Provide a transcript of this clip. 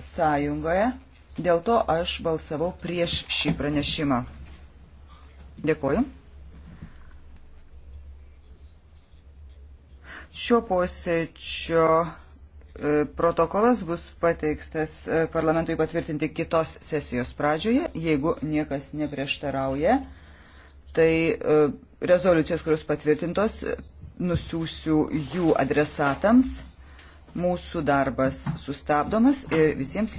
Sąjungoje. Dėl to aš balsavau prieš šį pranešimą. Dėkuoju. Šio posėdžio e, protokolas bus pateiktas e, parlamentui patvirtinti kitos sesijos pradžioje, jeigu niekas neprieštarauja. Tai e, rezoliucijos, kurios patvirtintos, nusiųsiu jų adresatams mūsų darbas sustabdomas ir visiems